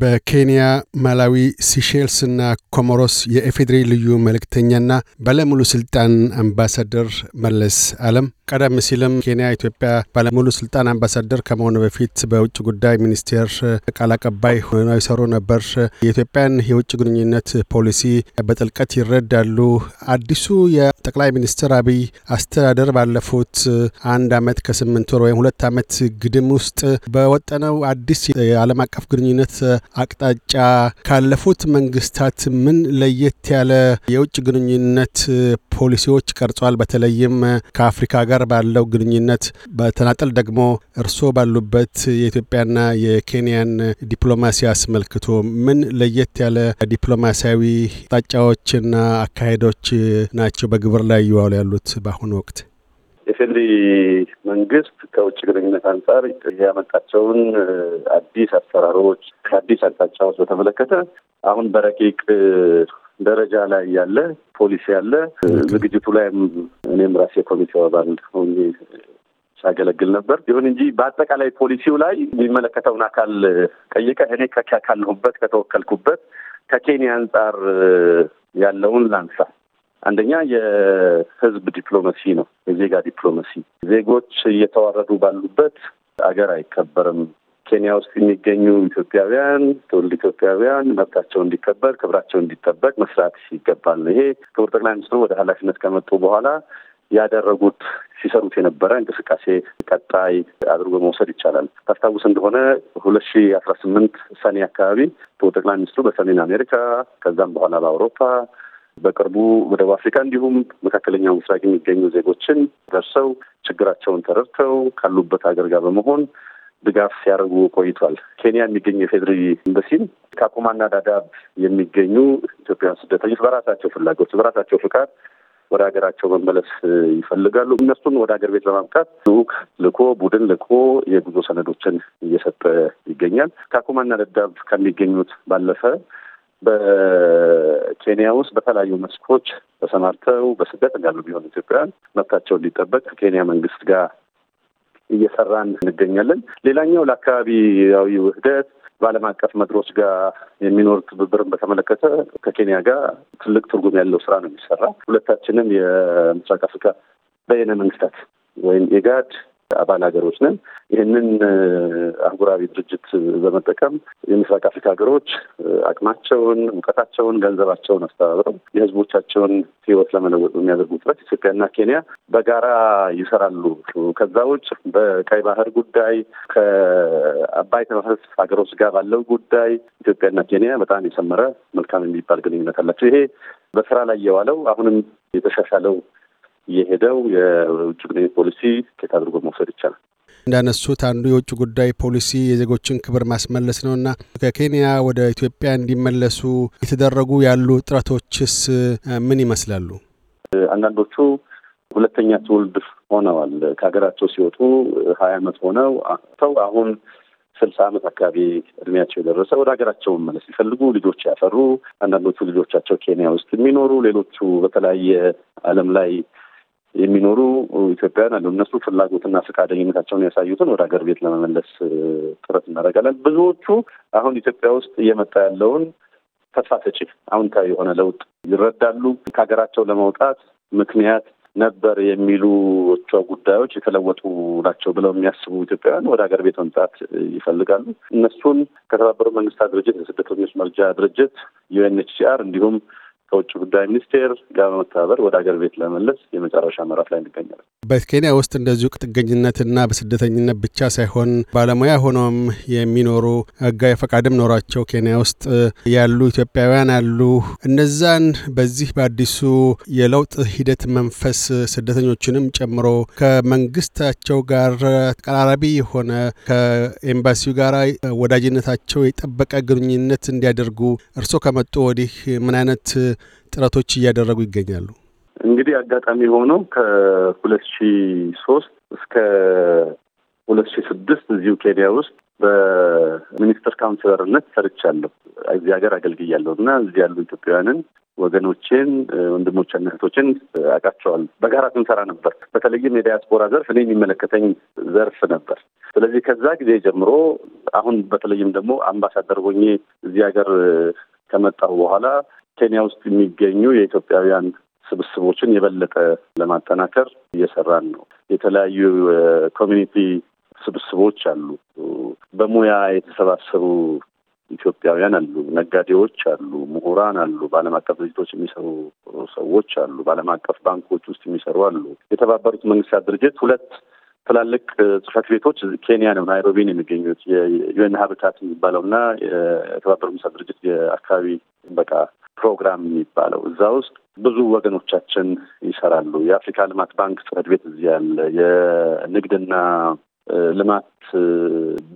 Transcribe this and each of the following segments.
በኬንያ ማላዊ፣ ሲሼልስና ኮሞሮስ የኤፌድሪ ልዩ መልእክተኛና ባለሙሉ ስልጣን አምባሳደር መለስ አለም ቀደም ሲልም ኬንያ ኢትዮጵያ ባለሙሉ ስልጣን አምባሳደር ከመሆኑ በፊት በውጭ ጉዳይ ሚኒስቴር ቃል አቀባይ ሆነው ይሰሩ ነበር። የኢትዮጵያን የውጭ ግንኙነት ፖሊሲ በጥልቀት ይረዳሉ። አዲሱ የጠቅላይ ሚኒስትር አብይ አስተዳደር ባለፉት አንድ አመት ከስምንት ወር ወይም ሁለት አመት ግድም ውስጥ በወጠነው አዲስ የዓለም አቀፍ ግንኙነት አቅጣጫ ካለፉት መንግስታት ምን ለየት ያለ የውጭ ግንኙነት ፖሊሲዎች ቀርጿል? በተለይም ከአፍሪካ ጋር ባለው ግንኙነት፣ በተናጠል ደግሞ እርስዎ ባሉበት የኢትዮጵያና የኬንያን ዲፕሎማሲ አስመልክቶ ምን ለየት ያለ ዲፕሎማሲያዊ አቅጣጫዎችና አካሄዶች ናቸው በግብር ላይ እየዋሉ ያሉት በአሁኑ ወቅት? የፌዴሪ መንግስት ከውጭ ግንኙነት አንጻር ያመጣቸውን አዲስ አሰራሮች ከአዲስ አቅጣጫዎች በተመለከተ አሁን በረቂቅ ደረጃ ላይ ያለ ፖሊሲ ያለ ዝግጅቱ ላይም እኔም ራሴ የኮሚቴው አባል ሳገለግል ነበር። ይሁን እንጂ በአጠቃላይ ፖሊሲው ላይ የሚመለከተውን አካል ጠይቀ እኔ ካለሁበት ከተወከልኩበት ከኬንያ አንጻር ያለውን ላንሳ አንደኛ የህዝብ ዲፕሎማሲ ነው፣ የዜጋ ዲፕሎማሲ። ዜጎች እየተዋረዱ ባሉበት አገር አይከበርም። ኬንያ ውስጥ የሚገኙ ኢትዮጵያውያን፣ ትውልድ ኢትዮጵያውያን መብታቸው እንዲከበር፣ ክብራቸው እንዲጠበቅ መስራት ይገባል። ይሄ ክቡር ጠቅላይ ሚኒስትሩ ወደ ኃላፊነት ከመጡ በኋላ ያደረጉት ሲሰሩት የነበረ እንቅስቃሴ ቀጣይ አድርጎ መውሰድ ይቻላል። ታስታውስ እንደሆነ ሁለት ሺ አስራ ስምንት ሰኔ አካባቢ ጠቅላይ ሚኒስትሩ በሰሜን አሜሪካ ከዛም በኋላ በአውሮፓ በቅርቡ ምዕራብ አፍሪካ እንዲሁም መካከለኛው ምስራቅ የሚገኙ ዜጎችን ደርሰው ችግራቸውን ተረድተው ካሉበት ሀገር ጋር በመሆን ድጋፍ ሲያደርጉ ቆይቷል። ኬንያ የሚገኙ የፌዴሪ ኤምባሲም ካኩማና ዳዳብ የሚገኙ ኢትዮጵያን ስደተኞች በራሳቸው ፍላጎት በራሳቸው ፍቃድ ወደ ሀገራቸው መመለስ ይፈልጋሉ። እነሱን ወደ ሀገር ቤት ለማምጣት ልዑክ ልኮ ቡድን ልኮ የጉዞ ሰነዶችን እየሰጠ ይገኛል። ካኩማና ዳዳብ ከሚገኙት ባለፈ በኬንያ ውስጥ በተለያዩ መስኮች ተሰማርተው በስደት እንዳሉ ቢሆን ኢትዮጵያውያን መብታቸው ሊጠበቅ ከኬንያ መንግስት ጋር እየሰራን እንገኛለን። ሌላኛው ለአካባቢያዊ ውህደት በዓለም አቀፍ መድሮች ጋር የሚኖር ትብብርን በተመለከተ ከኬንያ ጋር ትልቅ ትርጉም ያለው ስራ ነው የሚሰራ። ሁለታችንም የምስራቅ አፍሪካ በየነ መንግስታት ወይም ኤጋድ አባል ሀገሮች ነን። ይህንን አህጉራዊ ድርጅት በመጠቀም የምስራቅ አፍሪካ ሀገሮች አቅማቸውን፣ እውቀታቸውን፣ ገንዘባቸውን አስተባብረው የህዝቦቻቸውን ህይወት ለመለወጥ በሚያደርጉ ጥረት ኢትዮጵያና ኬንያ በጋራ ይሰራሉ። ከዛ ውጭ በቀይ ባህር ጉዳይ ከአባይ ተፋሰስ ሀገሮች ጋር ባለው ጉዳይ ኢትዮጵያና ኬንያ በጣም የሰመረ መልካም የሚባል ግንኙነት አላቸው። ይሄ በስራ ላይ የዋለው አሁንም የተሻሻለው የሄደው የውጭ ጉዳይ ፖሊሲ ኬት አድርጎ መውሰድ ይቻላል። እንዳነሱት አንዱ የውጭ ጉዳይ ፖሊሲ የዜጎችን ክብር ማስመለስ ነውና ከኬንያ ወደ ኢትዮጵያ እንዲመለሱ የተደረጉ ያሉ ጥረቶችስ ምን ይመስላሉ? አንዳንዶቹ ሁለተኛ ትውልድ ሆነዋል። ከሀገራቸው ሲወጡ ሀያ አመት ሆነው ሰው አሁን ስልሳ አመት አካባቢ እድሜያቸው የደረሰ ወደ ሀገራቸው መመለስ ሲፈልጉ ልጆች ያፈሩ፣ አንዳንዶቹ ልጆቻቸው ኬንያ ውስጥ የሚኖሩ ሌሎቹ በተለያየ ዓለም ላይ የሚኖሩ ኢትዮጵያውያን አሉ። እነሱ ፍላጎትና ፈቃደኝነታቸውን ያሳዩትን ወደ ሀገር ቤት ለመመለስ ጥረት እናደርጋለን። ብዙዎቹ አሁን ኢትዮጵያ ውስጥ እየመጣ ያለውን ተስፋ ሰጪ አዎንታዊ የሆነ ለውጥ ይረዳሉ። ከሀገራቸው ለመውጣት ምክንያት ነበር የሚሉ ጉዳዮች የተለወጡ ናቸው ብለው የሚያስቡ ኢትዮጵያውያን ወደ ሀገር ቤት መምጣት ይፈልጋሉ። እነሱን ከተባበሩት መንግስታት ድርጅት የስደተኞች መርጃ ድርጅት ዩኤንኤችሲአር እንዲሁም ከውጭ ጉዳይ ሚኒስቴር ጋር በመተባበር ወደ ሀገር ቤት ለመለስ የመጨረሻ ምዕራፍ ላይ እንገኛለን። በኬንያ ውስጥ እንደዚሁ ጥገኝነትና በስደተኝነት ብቻ ሳይሆን ባለሙያ ሆኖም የሚኖሩ ህጋዊ ፈቃድም ኖሯቸው ኬንያ ውስጥ ያሉ ኢትዮጵያውያን አሉ። እነዛን በዚህ በአዲሱ የለውጥ ሂደት መንፈስ ስደተኞችንም ጨምሮ ከመንግስታቸው ጋር ተቀራራቢ የሆነ ከኤምባሲው ጋር ወዳጅነታቸው የጠበቀ ግንኙነት እንዲያደርጉ እርስዎ ከመጡ ወዲህ ምን አይነት ጥረቶች እያደረጉ ይገኛሉ። እንግዲህ አጋጣሚ ሆኖ ከሁለት ሺ ሶስት እስከ ሁለት ሺ ስድስት እዚሁ ኬንያ ውስጥ በሚኒስትር ካውንስለርነት ሰርቻለሁ። እዚህ ሀገር አገልግያለሁ እና እዚህ ያሉ ኢትዮጵያውያንን ወገኖቼን ወንድሞች እህቶችን አውቃቸዋለሁ። በጋራ ስንሰራ ነበር። በተለይም የዲያስፖራ ዘርፍ እኔ የሚመለከተኝ ዘርፍ ነበር። ስለዚህ ከዛ ጊዜ ጀምሮ አሁን በተለይም ደግሞ አምባሳደር ሆኜ እዚህ ሀገር ከመጣሁ በኋላ ኬንያ ውስጥ የሚገኙ የኢትዮጵያውያን ስብስቦችን የበለጠ ለማጠናከር እየሰራን ነው። የተለያዩ ኮሚኒቲ ስብስቦች አሉ። በሙያ የተሰባሰቡ ኢትዮጵያውያን አሉ፣ ነጋዴዎች አሉ፣ ምሁራን አሉ፣ በዓለም አቀፍ ድርጅቶች የሚሰሩ ሰዎች አሉ፣ በዓለም አቀፍ ባንኮች ውስጥ የሚሰሩ አሉ። የተባበሩት መንግስታት ድርጅት ሁለት ትላልቅ ጽህፈት ቤቶች ኬንያ ነው ናይሮቢ ነው የሚገኙት የዩኤን ሀብታት የሚባለው እና የተባበሩት መንግስታት ድርጅት የአካባቢ ጥበቃ ፕሮግራም የሚባለው እዛ ውስጥ ብዙ ወገኖቻችን ይሰራሉ። የአፍሪካ ልማት ባንክ ጽህፈት ቤት እዚህ ያለ፣ የንግድና ልማት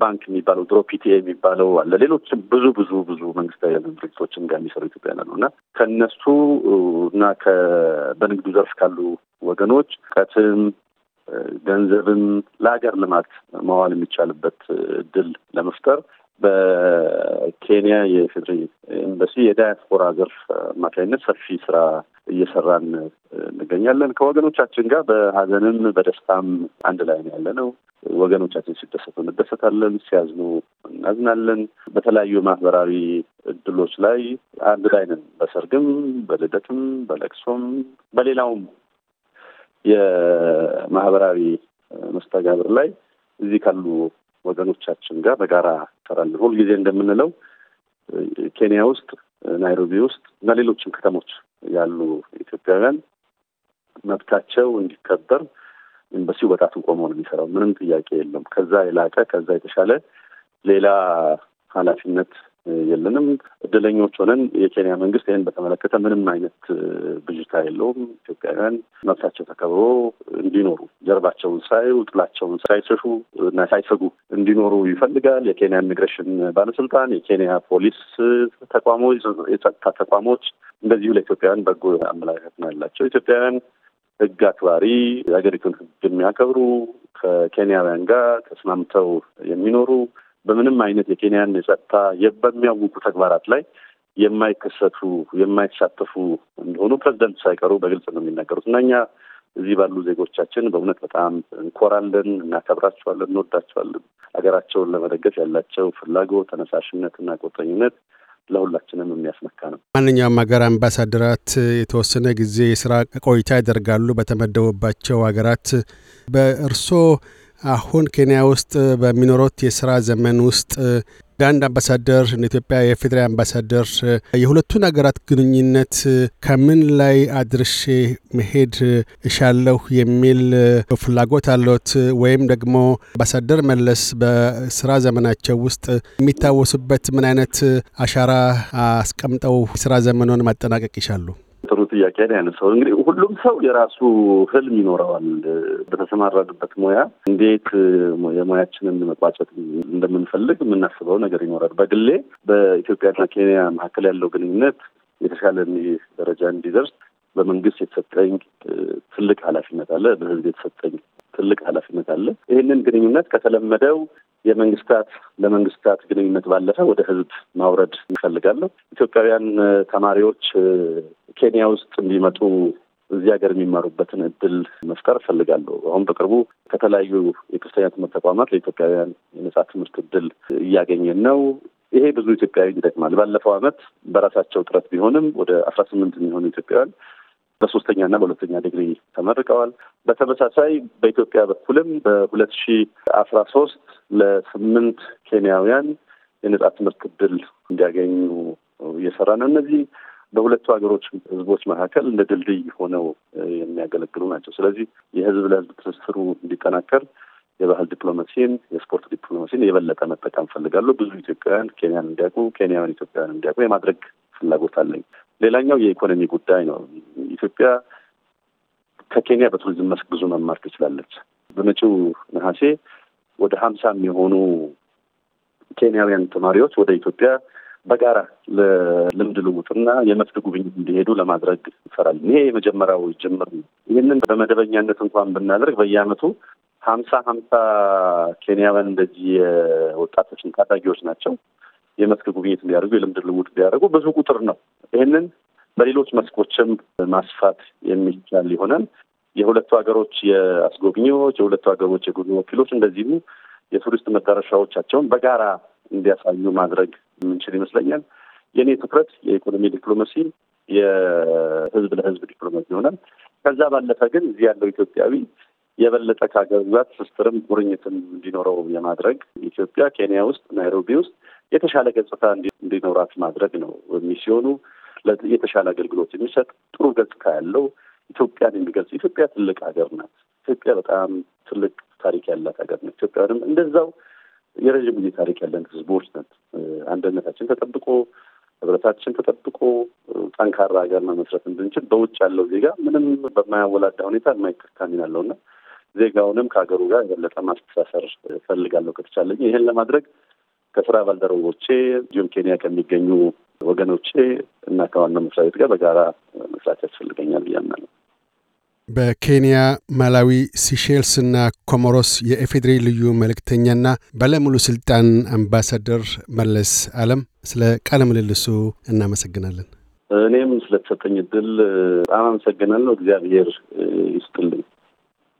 ባንክ የሚባለው ድሮ ፒቲኤ የሚባለው አለ። ሌሎችም ብዙ ብዙ ብዙ መንግስታዊ ያለ ድርጅቶችን ጋር የሚሰሩ ኢትዮጵያውያን አሉ እና ከእነሱ እና በንግዱ ዘርፍ ካሉ ወገኖች ቀትም ገንዘብን ለሀገር ልማት መዋል የሚቻልበት እድል ለመፍጠር በኬንያ የፌዴራል ኤምባሲ የዳያስፖራ ዘርፍ አማካኝነት ሰፊ ስራ እየሰራን እንገኛለን። ከወገኖቻችን ጋር በሀዘንም በደስታም አንድ ላይ ነው ያለ ነው። ወገኖቻችን ሲደሰቱ እንደሰታለን፣ ሲያዝኑ እናዝናለን። በተለያዩ ማህበራዊ እድሎች ላይ አንድ ላይ ነን። በሰርግም፣ በልደትም፣ በለቅሶም በሌላውም የማህበራዊ መስተጋብር ላይ እዚህ ካሉ ወገኖቻችን ጋር በጋራ ሰራለን። ሁልጊዜ እንደምንለው ኬንያ ውስጥ፣ ናይሮቢ ውስጥ እና ሌሎችም ከተሞች ያሉ ኢትዮጵያውያን መብታቸው እንዲከበር ኤምባሲው በጣቱ ቆሞ ነው የሚሰራው። ምንም ጥያቄ የለም። ከዛ የላቀ ከዛ የተሻለ ሌላ ኃላፊነት የለንም። እድለኞች ሆነን የኬንያ መንግስት ይህን በተመለከተ ምንም አይነት ብዥታ የለውም። ኢትዮጵያውያን መብታቸው ተከብሮ እንዲኖሩ ጀርባቸውን ሳይሉ ጥላቸውን ሳይሰሹ እና ሳይሰጉ እንዲኖሩ ይፈልጋል። የኬንያ ኢሚግሬሽን ባለስልጣን፣ የኬንያ ፖሊስ ተቋሞች፣ የጸጥታ ተቋሞች እንደዚሁ ለኢትዮጵያውያን በጎ አመለካከት ነው ያላቸው። ኢትዮጵያውያን ህግ አክባሪ፣ የሀገሪቱን ህግ የሚያከብሩ ከኬንያውያን ጋር ተስማምተው የሚኖሩ በምንም አይነት የኬንያን የጸጥታ በሚያውቁ ተግባራት ላይ የማይከሰቱ የማይሳተፉ እንደሆኑ ፕሬዚደንት ሳይቀሩ በግልጽ ነው የሚናገሩት እና እኛ እዚህ ባሉ ዜጎቻችን በእውነት በጣም እንኮራለን፣ እናከብራቸዋለን፣ እንወዳቸዋለን። ሀገራቸውን ለመደገፍ ያላቸው ፍላጎት፣ ተነሳሽነት እና ቁርጠኝነት ለሁላችንም የሚያስመካ ነው። ማንኛውም ሀገር አምባሳደራት የተወሰነ ጊዜ የስራ ቆይታ ያደርጋሉ በተመደቡባቸው ሀገራት በእርሶ አሁን ኬንያ ውስጥ በሚኖሩት የስራ ዘመን ውስጥ እንደ አምባሳደር እንደ ኢትዮጵያ የፌዴራል አምባሳደር የሁለቱን ሀገራት ግንኙነት ከምን ላይ አድርሼ መሄድ እሻለሁ የሚል ፍላጎት አለት ወይም ደግሞ አምባሳደር መለስ በስራ ዘመናቸው ውስጥ የሚታወሱበት ምን አይነት አሻራ አስቀምጠው ስራ ዘመኑን ማጠናቀቅ ይሻሉ? ጥሩ ጥያቄ ነው ያነሳው። እንግዲህ ሁሉም ሰው የራሱ ህልም ይኖረዋል። በተሰማራንበት ሙያ እንዴት የሙያችንን መቋጨት እንደምንፈልግ የምናስበው ነገር ይኖራል። በግሌ በኢትዮጵያና ኬንያ መካከል ያለው ግንኙነት የተሻለ ደረጃ እንዲደርስ በመንግስት የተሰጠኝ ትልቅ ኃላፊነት አለ። በህዝብ የተሰጠኝ ትልቅ ኃላፊነት አለ። ይህንን ግንኙነት ከተለመደው የመንግስታት ለመንግስታት ግንኙነት ባለፈ ወደ ህዝብ ማውረድ እንፈልጋለሁ። ኢትዮጵያውያን ተማሪዎች ኬንያ ውስጥ እንዲመጡ እዚህ ሀገር የሚማሩበትን እድል መፍጠር እፈልጋለሁ። አሁን በቅርቡ ከተለያዩ የክርስተኛ ትምህርት ተቋማት ለኢትዮጵያውያን የነጻ ትምህርት እድል እያገኘን ነው። ይሄ ብዙ ኢትዮጵያዊ ይጠቅማል። ባለፈው ዓመት በራሳቸው ጥረት ቢሆንም ወደ አስራ ስምንት የሚሆኑ ኢትዮጵያውያን በሶስተኛና በሁለተኛ ዲግሪ ተመርቀዋል። በተመሳሳይ በኢትዮጵያ በኩልም በሁለት ሺ አስራ ሶስት ለስምንት ኬንያውያን የነጻ ትምህርት እድል እንዲያገኙ እየሰራ ነው። እነዚህ በሁለቱ ሀገሮች ህዝቦች መካከል እንደ ድልድይ ሆነው የሚያገለግሉ ናቸው። ስለዚህ የህዝብ ለህዝብ ትስስሩ እንዲጠናከር የባህል ዲፕሎማሲን፣ የስፖርት ዲፕሎማሲን የበለጠ መጠቀም ፈልጋለሁ። ብዙ ኢትዮጵያውያን ኬንያን እንዲያውቁ፣ ኬንያውያን ኢትዮጵያውያን እንዲያውቁ የማድረግ ፍላጎት አለኝ። ሌላኛው የኢኮኖሚ ጉዳይ ነው። ኢትዮጵያ ከኬንያ በቱሪዝም መስክ ብዙ መማር ትችላለች። በመጪው ነሐሴ ወደ ሀምሳ የሚሆኑ ኬንያውያን ተማሪዎች ወደ ኢትዮጵያ በጋራ ለልምድ ልውጥና የመስክ ጉብኝት እንዲሄዱ ለማድረግ ይሰራል። ይሄ የመጀመሪያው ጅምር ነው። ይህንን በመደበኛነት እንኳን ብናደርግ በየአመቱ ሀምሳ ሀምሳ ኬንያውያን እንደዚህ ወጣቶችን ታዳጊዎች ናቸው የመስክ ጉብኝት እንዲያደርጉ፣ የልምድ ልውውጥ እንዲያደርጉ ብዙ ቁጥር ነው። ይህንን በሌሎች መስኮችም ማስፋት የሚቻል ይሆናል። የሁለቱ ሀገሮች የአስጎብኚዎች፣ የሁለቱ ሀገሮች የጉዞ ወኪሎች እንደዚሁ የቱሪስት መዳረሻዎቻቸውን በጋራ እንዲያሳዩ ማድረግ የምንችል ይመስለኛል። የእኔ ትኩረት የኢኮኖሚ ዲፕሎማሲ፣ የህዝብ ለህዝብ ዲፕሎማሲ ይሆናል። ከዛ ባለፈ ግን እዚህ ያለው ኢትዮጵያዊ የበለጠ ከሀገር ግዛት ትስስርም ቁርኝትም እንዲኖረው የማድረግ ኢትዮጵያ ኬንያ ውስጥ ናይሮቢ ውስጥ የተሻለ ገጽታ እንዲኖራት ማድረግ ነው ሚስዮኑ። የተሻለ አገልግሎት የሚሰጥ ጥሩ ገጽታ ያለው ኢትዮጵያን የሚገልጽ ኢትዮጵያ ትልቅ ሀገር ናት። ኢትዮጵያ በጣም ትልቅ ታሪክ ያላት ሀገር ናት። ኢትዮጵያንም እንደዛው የረዥም ጊዜ ታሪክ ያለን ህዝቦች ነት አንድነታችን ተጠብቆ ህብረታችን ተጠብቆ ጠንካራ ሀገር መመስረት እንድንችል በውጭ ያለው ዜጋ ምንም በማያወላዳ ሁኔታ የማይከካሚን አለውና ዜጋውንም ከሀገሩ ጋር የበለጠ ማስተሳሰር እፈልጋለሁ ከተቻለኝ። ይህን ለማድረግ ከስራ ባልደረቦቼ እንዲሁም ኬንያ ከሚገኙ ወገኖቼ እና ከዋናው መስሪያ ቤት ጋር በጋራ መስራት ያስፈልገኛል ብዬ በኬንያ ማላዊ፣ ሲሼልስ እና ኮሞሮስ የኤፌድሪ ልዩ መልእክተኛና ባለሙሉ ስልጣን አምባሳደር መለስ አለም ስለ ቃለ ምልልሱ እናመሰግናለን። እኔም ስለተሰጠኝ እድል በጣም አመሰግናለሁ። እግዚአብሔር ይስጥልኝ።